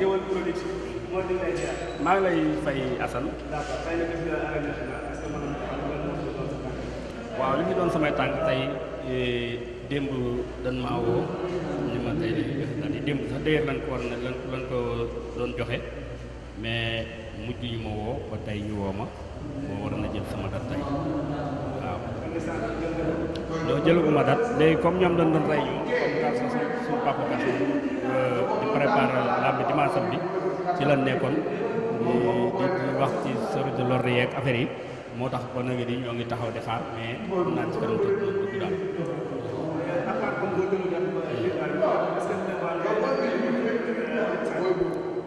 Ngéwël maa ngi lay fay Assane. d'accord tey waaw li ñu doon samay tànk tey eh, démb dañ maa woo ñu ma tey dañuy def daal di ko doon joxe mais mujj yi ma woo ba tey ñu woo ma moo war na jël sama date tey waaw. doo jëlaguma date léegi comme ñoom dañ doon rey ñu comme daal sa suñu di bi ci la nekkoon di di wax ci service de l'ordre yeeg affaire yi moo tax ba nag di ñoo ngi taxaw di xaar mais naan ci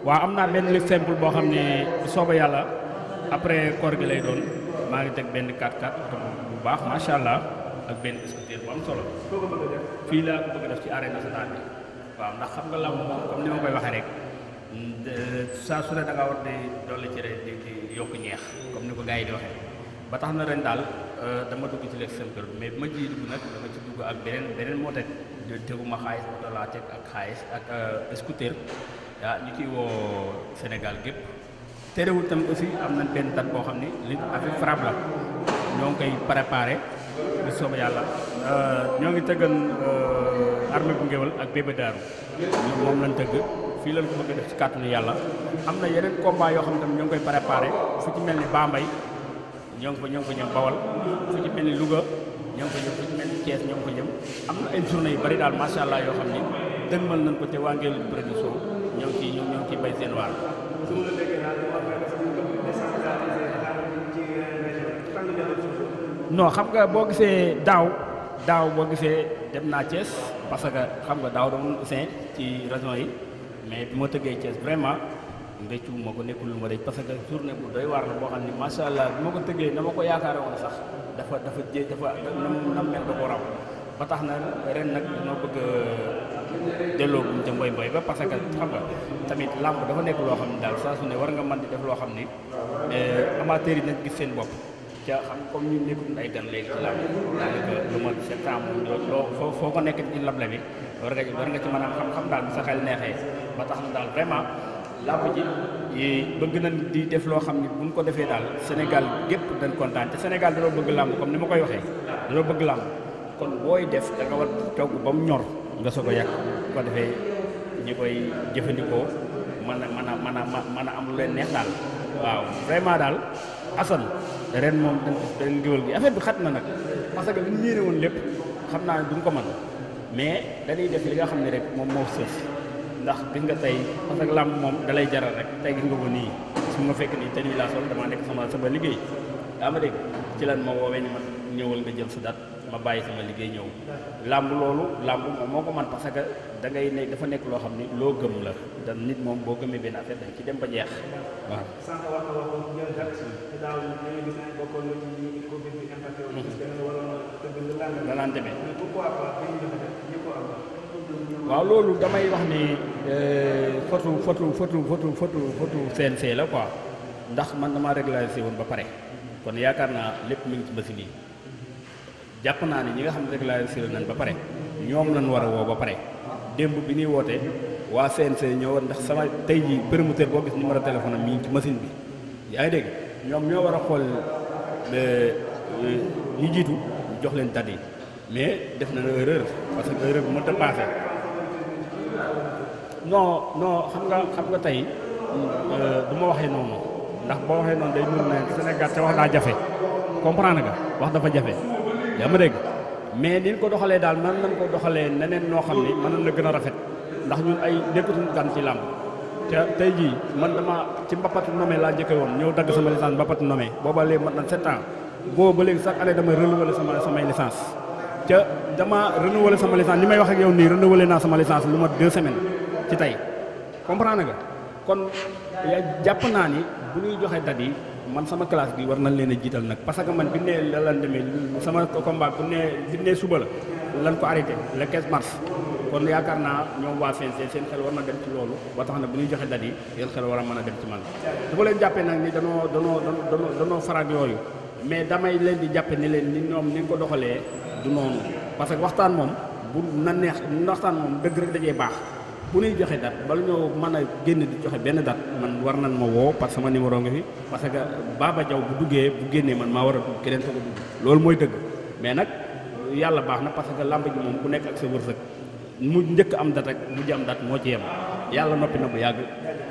am naa benn lutte boo xam ne sooba yàlla après koor gi lay doon maa ngi teg benn 4-4 bu baax macha allah ak benn scooter bu am solo fii laa ko bëgg def ci arène nationale bi. waaw ndax xam nga lamb moom comme ni ma koy waxee rek saa su ne da ngaa war dolli ci rek di di yokk ñeex comme ni ko gars yi di waxee ba tax na ren daal euh, dama dugg ci lekk simple mais bi ma ji dugg nag dama ci dugg ak beneen beneen moo teg teguma xaalis oto laa teg ak xaalis ak euh, scooter waaw ni ciy woo Sénégal gépp terewul tam aussi am na benn date boo xam ni li avec frappe la ñoo ngi koy préparé bu soobee yàlla euh, ñoo ngi tëggan euh, armée bu ngéwal ak bébé daaru moom lañ tëgg fii lañ ko bëgg def ci kàttanu yàlla am na yeneen combat yoo xam ne ñoo ngi koy préparé fu ci mel ni Bambey ñoo ngi ko ñoo ngi ko ci mel ni Louga ñoo ko jëm fu ci mel ni Thiès ñoo ko jëm am na ay journée yu bari daal macha allah yoo xam ni dëgmal nañ ko te waa Ngéwél production ñoo ngi ciy ñoo ngi ciy bay seen waar. non xam nga boo gisee daaw daaw boo gisee dem naa cees parce que xam nga daaw doon ussin ci région yi mais bi ma tëggee Thiès vraiment ndëccu moo ko nekkul lu ma rëcc parce que journée bu doy boo xam ne macha allah bi ma ko tëggee na ko yaakaare woon sax dafa dafa jé dafa na mel da ko raw ba tax na ren nag dañoo bëgg delloo bu ca mboy mboy ba parce que xam nga tamit làmb dafa nekk loo xam ne daal saa su ne war nga mën di def loo xam ni eh, amateur yi nañ gis seen bopp ca xam comme ñu nekkum ay gan léegi ci làmb daanaka lu ma septembre loo foo foo ko nekk ci lable bi war nga war nga ci mën a xam-xam daal bi sa xel neexee ba tax na daal vraiment làmb ji bëgg nañ di def loo xam ne buñ ko defee daal Sénégal gépp dañ kontaan te Sénégal dañoo bëgg làmb comme ni ma koy waxee dañoo bëgg làmb kon booy def da nga war ba mu ñor nga soog a yàq ko defee ñi koy jëfandikoo mën a mën a mën a mën a am lu daal waaw vraiment ren moom dañ ko dañ géwél gi affaire bi xat na nag parce que li ñu woon lépp xam naa ne duñ ko man mais dañuy def li nga xam ne rek moom moo sëf ndax gis nga tey parce que làmb moom dalay jaral rek tey gis nga ko nii su ma fekk nii tenue laa sol damaa nekk sama sama liggéey daa ci lan ma woowee ni ma ñëwal nga jël si date ma bàyyi sama liggéey ñëw làmb loolu làmb moom moo ko man parce que da ngay dafa nekk loo xam ni loo gëm la da nit moom boo gëmee benn affaire dañ ci dem ba jeex waaw sànq loolu damay wax ni fotu euh, fotu fotu fotu fotu fotu CNC la quoi ndax man damaa régularisé woon ba pare kon yaakaar naa lépp mi ngi ci machine yi jàpp naa ne ñi nga xam ne régularisé nañ ba pare ñoom lañ war a woo ba pare démb bi ñuy wootee waa CNC ñëwoon ndax sama tey ji promoteur boo gis numéro téléphone am mi ci machine bi yaa ngi dégg ñoom ñoo war a xool euh, ñu jiitu jox leen date mais def na erreur parce que erreur bu mënut a passé non non xam nga xam nga tey euh, du ma waxee noonu ndax boo waxee noonu day mën na Sénégal te wax daa jafe comprendre nga wax dafa jafe yaa ma dégg mais ni ko doxalee daal mën nañ ko doxalee neneen noo xam ne mën nañ la gën rafet ndax ñun ay nekkatuñu gan ci làmb te tey jii man dama ci mbapatu nome laa njëkke woon ñëw dagg sama licence mbapatu nome booba léegi mat na sept ans boo ba léegi chaque année damay renouveler sama samay licence te dama renouveler sama licence li may wax ak yow nii renouveler naa sama licence lu ma deux semaines ci tey comprendre nga kon jàpp naa ni bu ñuy joxe dat yi man sama classe bi war nañ leen a jiital nag parce que man bi nee la lan demee sama combat bu nee nee suba la lan ko arrêté le 15 mars kon yaakaar naa ñoom waa CNG seen xel war na dem ci loolu ba tax na bu ñuy joxe dat yi seen xel war a mën a dem ci man du ma leen jàppee nag ni danoo danoo danoo danoo farak yooyu mais damay leen di jàppe ni leen ni ñoom ni nga ko doxalee du noonu parce que waxtaan moom bu na neex waxtaan moom dëgg rek dajee baax bu ñuy joxe date bala ñoo man a génn di joxe benn date man war nan ma woo parce que sama numéro nga fi parce que Baba Diaw bu duggee bu génnee man maa war a dugg keneen soog a dugg loolu mooy dëgg mais nag yàlla baax na parce que làmb ji moom ku nekk ak sa wërsëg mu njëkk am date ak mu jam date moo ci yem yàlla noppi na bu yàgg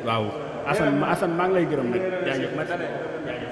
waaw Assane Assane maa ngi lay gërëm nag jaajëf